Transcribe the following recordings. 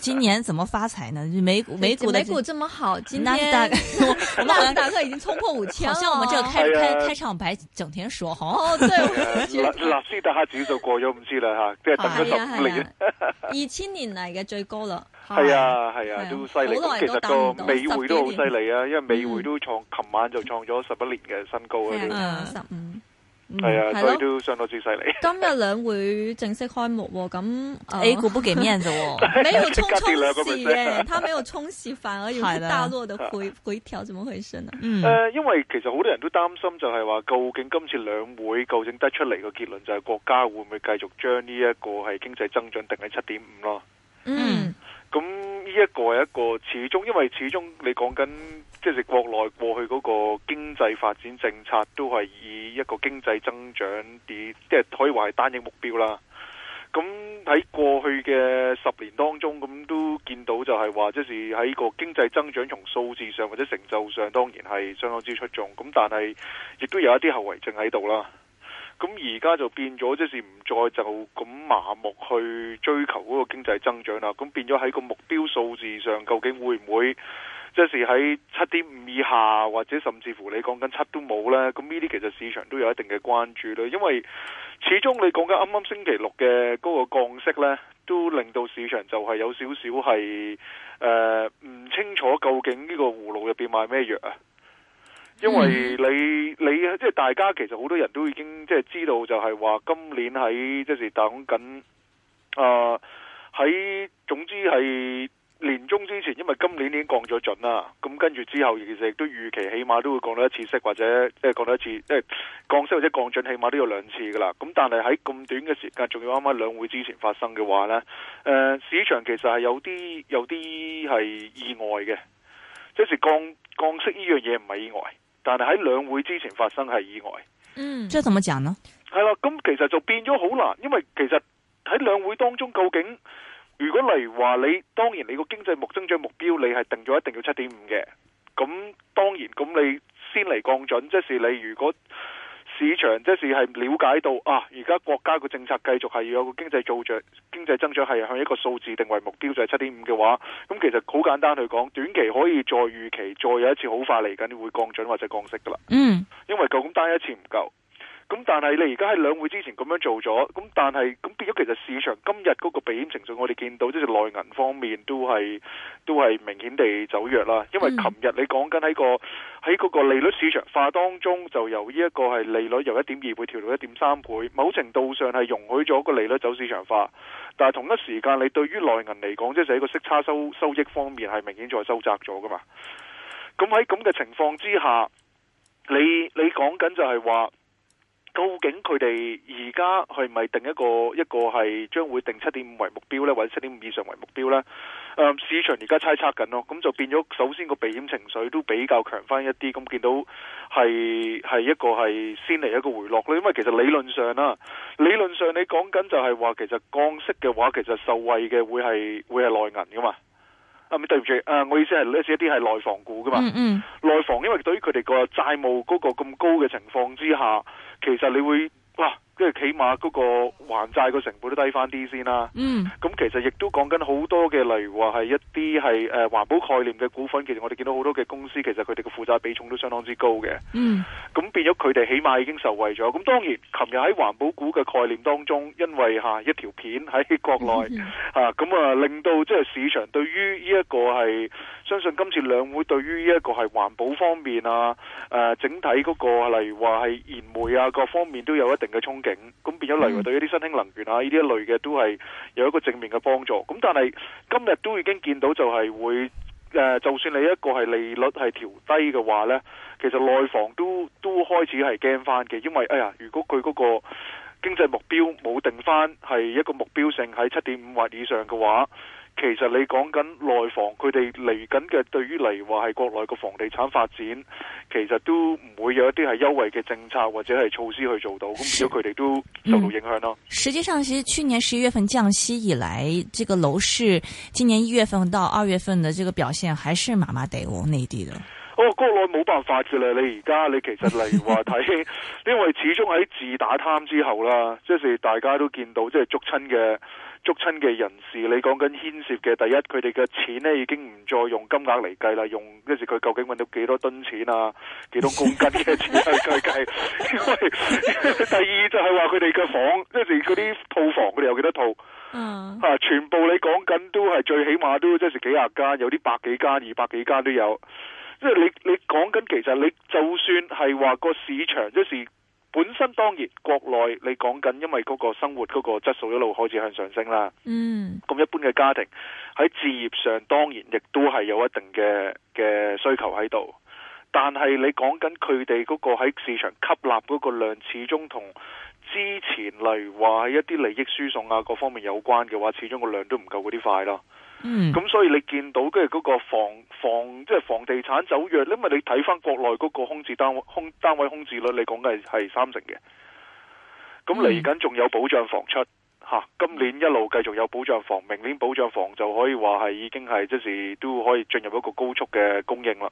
今年怎麼發財呢？美股，美股，美股這麼好，今天納斯達克已經衝破五千了。好像我們這開開開場白整天說，哦，納斯達克指數過咗五千了吓，即係等咗十五年，二千年嚟嘅最高咯。係啊係啊，都犀利。其實個美匯都好犀利啊，因為美匯都創，琴晚就創咗十一年嘅新高啊。十五。係啊，嗯、對，所以都相當之犀利。今日兩會正式開幕，咁、啊、A 股不見面啫，喎。佢衝沖市嘅，他沒有衝市，反而有大落的回的回調，怎麼回事呢？誒、嗯，因為其實好多人都擔心就是說，就係話究竟今次兩會究竟得出嚟嘅結論就係國家會唔會繼續將呢一個係經濟增長定喺七點五咯？嗯，咁呢一個係一個始終，因為始終你講緊即係國內過去嗰個經濟發展政策都係以。一個經濟增長啲，即係可以話係單一目標啦。咁喺過去嘅十年當中，咁都見到就係話，即是喺個經濟增長從數字上或者成就上，當然係相當之出眾。咁但係亦都有一啲後遺症喺度啦。咁而家就變咗，即是唔再就咁麻木去追求嗰個經濟增長啦。咁變咗喺個目標數字上，究竟會唔會？即是喺七點五以下，或者甚至乎你講緊七都冇呢。咁呢啲其實市場都有一定嘅關注啦。因為始終你講緊啱啱星期六嘅嗰個降息呢，都令到市場就係有少少係誒唔清楚究竟呢個葫蘆入邊賣咩藥啊？因為你、嗯、你即係、就係、大家其實好多人都已經即係、就係、知道就係話，就係話今年喺即是等緊啊，喺、呃、總之係。年中之前，因為今年已經降咗準啦，咁跟住之後，其實亦都預期起碼都會降到一次息，或者即係、呃、降到一次，即、呃、係降息或者降準，起碼都有兩次噶啦。咁、嗯、但係喺咁短嘅時間，仲要啱啱兩會之前發生嘅話呢，誒、呃，市場其實係有啲有啲係意外嘅，即係降降息呢樣嘢唔係意外，但係喺兩會之前發生係意外。嗯，即係點講呢？係、嗯、啦，咁其實就變咗好難，因為其實喺兩會當中究竟。如果例如話你，當然你個經濟目增長目標你係定咗一定要七點五嘅，咁當然咁你先嚟降準，即是你如果市場即是係了解到啊，而家國家個政策繼續係要有個經濟做着，經濟增長係向一個數字定為目標就係七點五嘅話，咁其實好簡單去講，短期可以再預期再有一次好快嚟緊會降準或者降息噶啦。嗯，因為夠咁單一次唔夠。咁但係你而家喺兩會之前咁樣做咗，咁但係咁變咗，其實市場今日嗰個避險情緒，我哋見到即係內銀方面都係都係明顯地走弱啦。因為琴日你講緊喺個喺個利率市場化當中，就由呢一個係利率由一點二倍調到一點三倍，某程度上係容許咗個利率走市場化。但係同一時間，你對於內銀嚟講，即係喺個息差收收益方面係明顯再收窄咗噶嘛。咁喺咁嘅情況之下，你你講緊就係話。究竟佢哋而家係咪定一個一個係將會定七點五為目標呢？或者七點五以上為目標呢？誒，市場而家猜測緊咯，咁就變咗首先個避險情緒都比較強翻一啲，咁見到係係一個係先嚟一個回落咯。因為其實理論上啦，理論上你講緊就係話，其實降息嘅話，其實受惠嘅會係會係內銀噶嘛？啊，對唔住、啊，我意思係呢一啲係內房股噶嘛？內房、嗯嗯、因為對於佢哋個債務嗰個咁高嘅情況之下。其實你會。嗱。即係起碼嗰個還債個成本都低翻啲先啦、啊。嗯，咁其實亦都講緊好多嘅，例如話係一啲係誒環保概念嘅股份，其實我哋見到好多嘅公司，其實佢哋嘅負債比重都相當之高嘅。嗯，咁變咗佢哋起碼已經受惠咗。咁當然，琴日喺環保股嘅概念當中，因為吓一條片喺國內吓，咁、嗯、哼啊，啊令到即係市場對於呢一個係，相信今次兩會對於呢一個係環保方面啊，誒、啊、整體嗰、那個，例如話係燃煤啊各方面都有一定嘅衝擊。景，咁、嗯、變咗嚟講，對一啲新興能源啊，呢啲一類嘅都係有一個正面嘅幫助。咁但係今日都已經見到就，就係會誒，就算你一個係利率係調低嘅話呢，其實內房都都開始係驚翻嘅，因為哎呀，如果佢嗰個經濟目標冇定翻，係一個目標性喺七點五或以上嘅話。其實你講緊內房，佢哋嚟緊嘅對於嚟話係國內嘅房地產發展，其實都唔會有一啲係優惠嘅政策或者係措施去做到，咁變咗佢哋都受到影響咯、嗯嗯。實際上，其實去年十一月份降息以來，這個樓市今年一月份到二月份的這個表現還是麻麻地哦，內地的。哦，國內冇辦法嘅啦，你而家你其實嚟話睇， 因為始終喺自打貪之後啦，即是大家都見到即係捉親嘅。捉親嘅人士，你講緊牽涉嘅第一，佢哋嘅錢呢已經唔再用金額嚟計啦，用即係佢究竟揾到幾多噸錢啊，幾多公斤嘅錢去計，計。 第二就係話佢哋嘅房，即係嗰啲套房佢哋有幾多套、嗯啊？全部你講緊都係最起碼都即係幾廿間，有啲百幾間、二百幾間都有。即係你你講緊其實你就算係話個市場即係。本身當然，國內你講緊，因為嗰個生活嗰個質素一路開始向上升啦。嗯，咁一般嘅家庭喺置業上當然亦都係有一定嘅嘅需求喺度，但係你講緊佢哋嗰個喺市場吸納嗰個量，始終同之前例如話係一啲利益輸送啊各方面有關嘅話，始終個量都唔夠嗰啲快咯。嗯，咁所以你見到即係嗰個房房即係、就是、房地產走弱，因為你睇返國內嗰個空置單位空單位空置率，你講嘅係三成嘅。咁嚟緊仲有保障房出吓，今年一路繼續有保障房，明年保障房就可以話係已經係即係都可以進入一個高速嘅供應啦。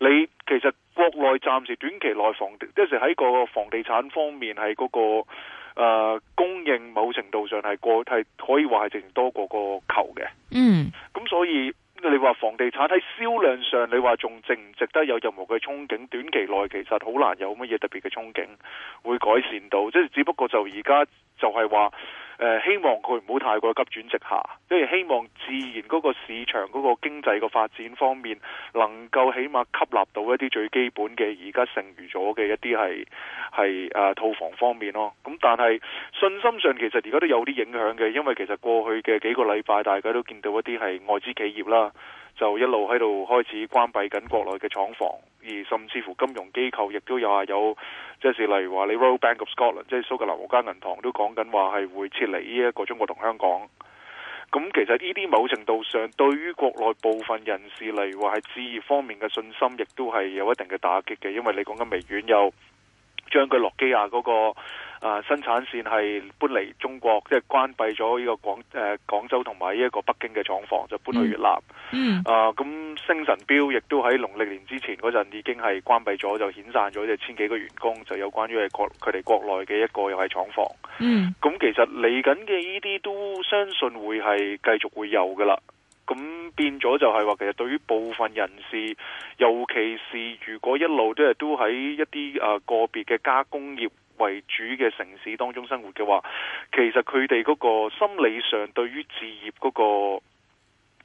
你其實國內暫時短期內房，即時喺個房地產方面係嗰、嗰個。誒、呃，供應某程度上係過，係可以話係淨多過個球嘅。嗯，咁所以你話房地產喺銷量上，你話仲值唔值得有任何嘅憧憬？短期內其實好難有乜嘢特別嘅憧憬會改善到，即係只不過就而家就係話。希望佢唔好太過急轉直下，即係希望自然嗰個市場嗰個經濟嘅發展方面，能夠起碼吸納到一啲最基本嘅而家剩餘咗嘅一啲係係啊套房方面咯。咁但係信心上其實而家都有啲影響嘅，因為其實過去嘅幾個禮拜，大家都見到一啲係外資企業啦。就一路喺度開始關閉緊國內嘅廠房，而甚至乎金融機構亦都有話有，即係例如話你 Royal Bank of Scotland，即係蘇格蘭嗰間銀行都講緊話係會撤離呢一個中國同香港。咁其實呢啲某程度上對於國內部分人士例如話係置業方面嘅信心，亦都係有一定嘅打擊嘅，因為你講緊微軟又將佢諾基亞嗰、那個。啊！生產線係搬嚟中國，即、就、係、是、關閉咗呢個廣誒、呃、廣州同埋呢一個北京嘅廠房，就搬去越南。嗯，嗯啊，咁星辰錶亦都喺農曆年之前嗰陣已經係關閉咗，就遣散咗即係千幾個員工，就有關於係國佢哋國內嘅一個又係廠房。嗯，咁其實嚟緊嘅呢啲都相信會係繼續會有㗎喇。咁變咗就係話，其實對於部分人士，尤其是如果一路都係都喺一啲啊個別嘅加工業。為主嘅城市當中生活嘅話，其實佢哋嗰個心理上對於置業嗰、那個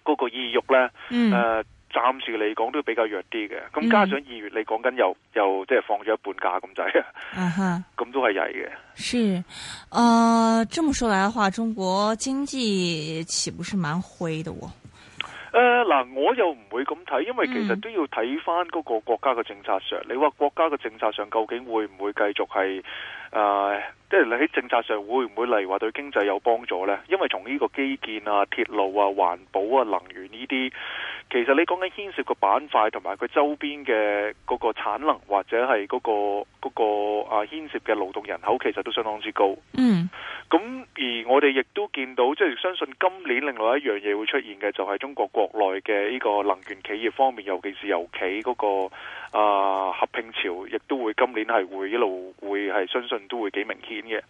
嗰、那個意欲咧，誒、嗯呃，暫時嚟講都比較弱啲嘅。咁加上二月你講緊又、嗯、又即係放咗一半價咁滯，咁、啊、哈都係曳嘅。是，啊、呃，這麼說來的話，中國經濟豈不是蠻灰的喎？誒，嗱，uh，我又唔會咁睇，因為其實都要睇翻嗰個國家嘅政策上。你話國家嘅政策上究竟會唔會繼續係？誒，即係你喺政策上會唔會例如話對經濟有幫助咧？因為從呢個基建啊、鐵路啊、環保啊、能源呢啲，其實你講緊牽涉個板塊同埋佢周邊嘅嗰個產能或者係嗰個嗰個啊牽涉嘅勞動人口，其實都相當之高。嗯，咁而我哋亦都見到，即係相信今年另外一樣嘢會出現嘅就係中國國內嘅呢個能源企業方面，尤其是油企嗰個啊合併潮，亦都會今年係會一路會係相信。都會幾明顯嘅，誒、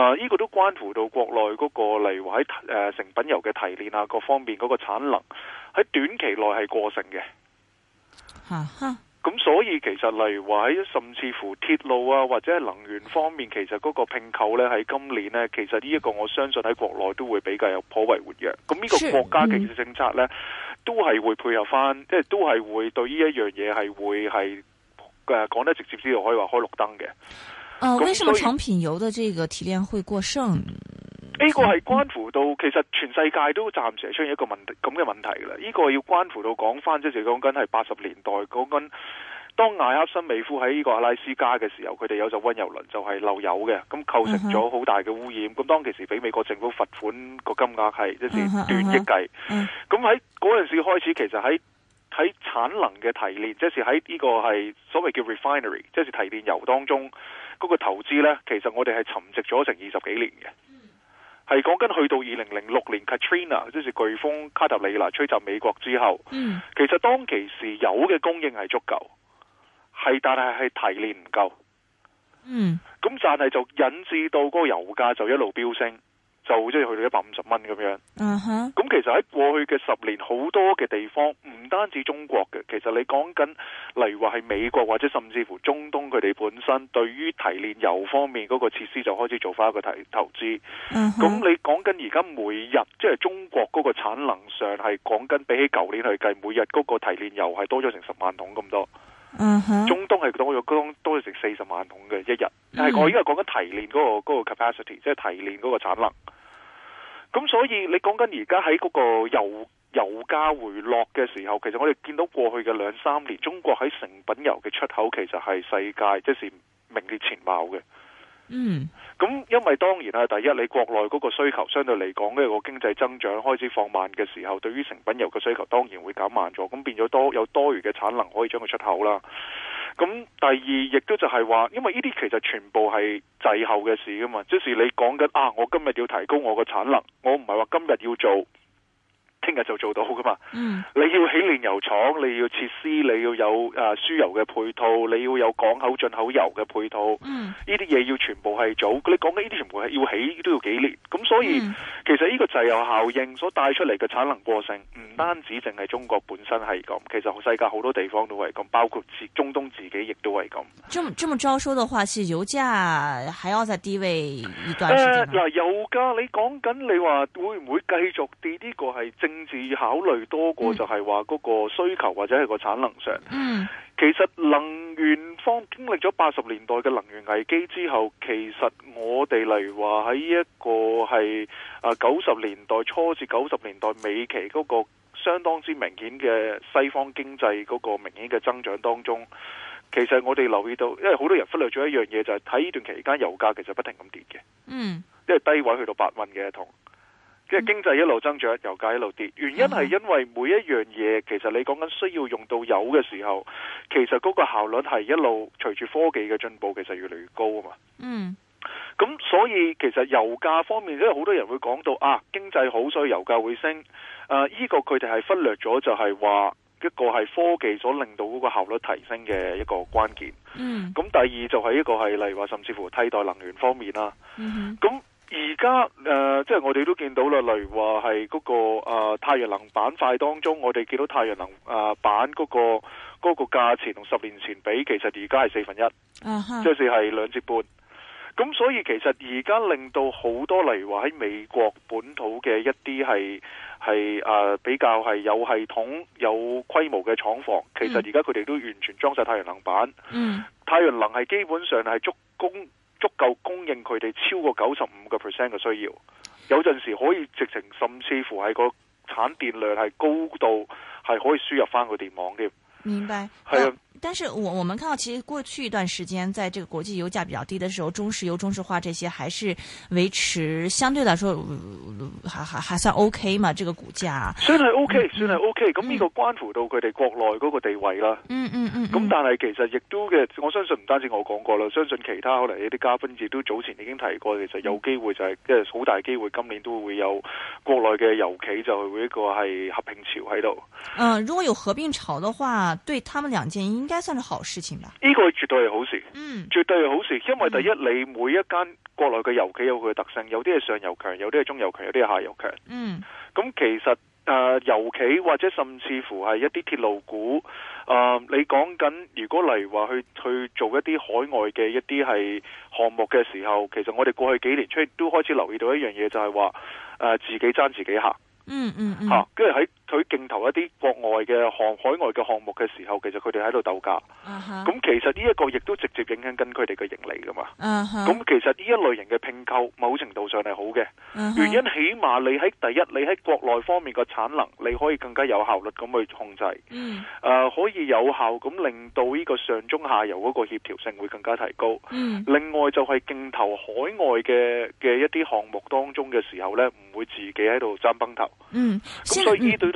啊，呢、這個都關乎到國內嗰、那個，例如話喺誒成品油嘅提煉啊，各方面嗰個產能喺短期內係過剩嘅，咁哈所以其實例如話喺甚至乎鐵路啊或者係能源方面，其實嗰個併購呢，喺今年呢，其實呢一個我相信喺國內都會比較有頗為活躍。咁呢個國家嘅政策呢，都係會配合翻，即、就、係、是、都係會對呢一樣嘢係會係誒、啊，講得直接啲，就可以話開綠燈嘅。哦，為什麼成品油的這個提煉會過剩？呢、這個係關乎到其實全世界都暫時出現一個問題咁嘅問題啦。呢、這個要關乎到講翻，即是講緊係八十年代講緊，當艾克森美孚喺呢個阿拉斯加嘅時候，佢哋有隻溫油輪就係漏油嘅，咁構成咗好大嘅污染。咁、嗯、哼當其時俾美國政府罰款個金額係即、嗯、哼是短億計。咁喺嗰陣時開始，其實喺喺產能嘅提煉，即、就是喺呢個係所謂叫 refinery，即是提煉油當中。個投資咧，其實我哋係沉寂咗成二十幾年嘅，係講緊去到二零零六年 Katrina，即是颶風卡塔里娜吹襲美國之後，嗯、其實當其時有嘅供應係足夠，係，但係係提煉唔夠，嗯，咁但係就引致到個油價就一路飆升。就即係去到一百五十蚊咁樣。嗯哼。咁其實喺過去嘅十年，好多嘅地方唔單止中國嘅，其實你講緊，例如話係美國或者甚至乎中東佢哋本身對於提煉油方面嗰個設施就開始做翻一個提投資。嗯哼。咁你講緊而家每日即係中國嗰個產能上係講緊比起舊年去計，每日嗰個提煉油係多咗成十萬桶咁多。嗯哼。中東係多咗多咗成四十萬桶嘅一日。嗯。但係我而家係講緊提煉嗰個嗰個 capacity，即係提煉嗰個產能。咁所以你講緊而家喺嗰個油油價回落嘅時候，其實我哋見到過去嘅兩三年，中國喺成品油嘅出口其實係世界即係名列前茅嘅。嗯，咁因為當然啊，第一你國內嗰個需求相對嚟講，呢個經濟增長開始放慢嘅時候，對於成品油嘅需求當然會減慢咗，咁變咗多有多餘嘅產能可以將佢出口啦。咁第二亦都就係話，因為呢啲其實全部係滯後嘅事㗎嘛，即係你講緊啊，我今日要提高我嘅產能，我唔係話今日要做。聽日就做到噶嘛？嗯，你要起煉油廠，你要設施，你要有啊輸油嘅配套，你要有港口進口油嘅配套。嗯，呢啲嘢，要全部係做，你講緊呢啲全部係要起都要幾年。咁所以，嗯、其實呢個石油效應所帶出嚟嘅產能過剩，唔單止淨係中國本身係咁，其實世界好多地方都係咁，包括自中東自己亦都係咁。咁這麼招收嘅話，是油價還要在低位一段時間。嗱，呃呃，油價你講緊你話會唔會繼續跌？呢個係。政治考慮多過就係話嗰個需求或者係個產能上，其實能源方經歷咗八十年代嘅能源危機之後，其實我哋例如話喺一個係啊九十年代初至九十年代尾期嗰個相當之明顯嘅西方經濟嗰個明顯嘅增長當中，其實我哋留意到，因為好多人忽略咗一樣嘢，就係喺呢段期間油價其實不停咁跌嘅，嗯，因為低位去到八蚊嘅一即係經濟一路增長，油價一路跌，原因係因為每一樣嘢，嗯、其實你講緊需要用到油嘅時候，其實嗰個效率係一路隨住科技嘅進步，其實越嚟越高啊嘛。嗯，咁所以其實油價方面，因為好多人會講到啊，經濟好所以油價會升。誒、啊，依、這個佢哋係忽略咗，就係話一個係科技所令到嗰個效率提升嘅一個關鍵。嗯，咁第二就係一個係例如話，甚至乎替代能源方面啦。咁、嗯哼。而家誒，即係、呃就是、我哋都見到啦，例如話係嗰個誒、呃、太陽能板塊當中，我哋見到太陽能誒板嗰、那個嗰、那個價錢同十年前比，其實而家係四分一，即、uh huh. 是係兩折半。咁所以其實而家令到好多，例如話喺美國本土嘅一啲係係誒比較係有系統有規模嘅廠房，其實而家佢哋都完全裝晒太陽能板。嗯、uh，huh. 太陽能係基本上係足供。應佢哋超過九十五個 percent 嘅需要，有陣時可以直情，甚至乎係個產電量係高到，係可以輸入翻個電網添。明白係啊。是嗯但是我我們看到，其實過去一段時間，在這個國際油價比較低的時候，中石油、中石化這些還是維持相對來說，嗯、還還還算 OK 嘛，這個股價算係 OK，算係 OK，咁呢個關乎到佢哋國內嗰個地位啦，嗯。嗯嗯嗯。咁但係其實亦都嘅，我相信唔單止我講過啦，相信其他可能一啲嘉賓亦都早前已經提過，其實有機會就係即係好大機會，今年都會有國內嘅油企就是一個係合併潮喺度。嗯、呃，如果有合併潮的話，對他們兩間。應。應該算是好事情吧？呢個絕對係好事，嗯，絕對係好事。因為第一，嗯、你每一間國內嘅油企有佢嘅特性，有啲係上游強，有啲係中游強，有啲係下游強。嗯，咁、嗯、其實誒，油、呃、企或者甚至乎係一啲鐵路股，誒、呃，你講緊如果例如話去去做一啲海外嘅一啲係項目嘅時候，其實我哋過去幾年出面都開始留意到一樣嘢，就係話誒自己爭自己下、嗯，嗯嗯，吓、啊，跟住喺。佢競投一啲國外嘅項海外嘅項目嘅時候，其實佢哋喺度鬥價，咁、uh huh. 其實呢一個亦都直接影響緊佢哋嘅盈利噶嘛。咁、uh huh. 其實呢一類型嘅併購，某程度上係好嘅。Uh huh. 原因起碼你喺第一，你喺國內方面個產能，你可以更加有效率咁去控制。誒、uh huh. 呃，可以有效咁令到呢個上中下游嗰個協調性會更加提高。Uh huh. 另外就係競投海外嘅嘅一啲項目當中嘅時候呢，唔會自己喺度爭崩頭。咁所以呢對、uh。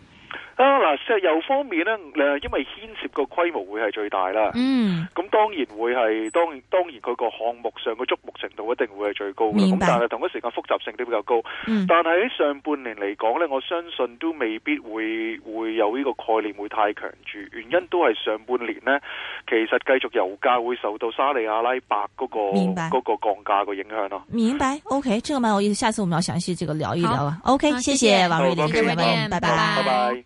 啊嗱，石油方面呢誒，因為牽涉個規模會係最大啦，嗯，咁當然會係當當然佢個項目上個矚目程度一定會係最高嘅，明白。咁但係同一時間複雜性都比較高，但係喺上半年嚟講呢，我相信都未必會會有呢個概念會太強住，原因都係上半年呢，其實繼續油價會受到沙利阿拉伯嗰個個降價個影響咯。明白，OK，這個蠻有意思，下次我們要詳細這個聊一聊啊。OK，謝謝王瑞麟，再見，拜拜。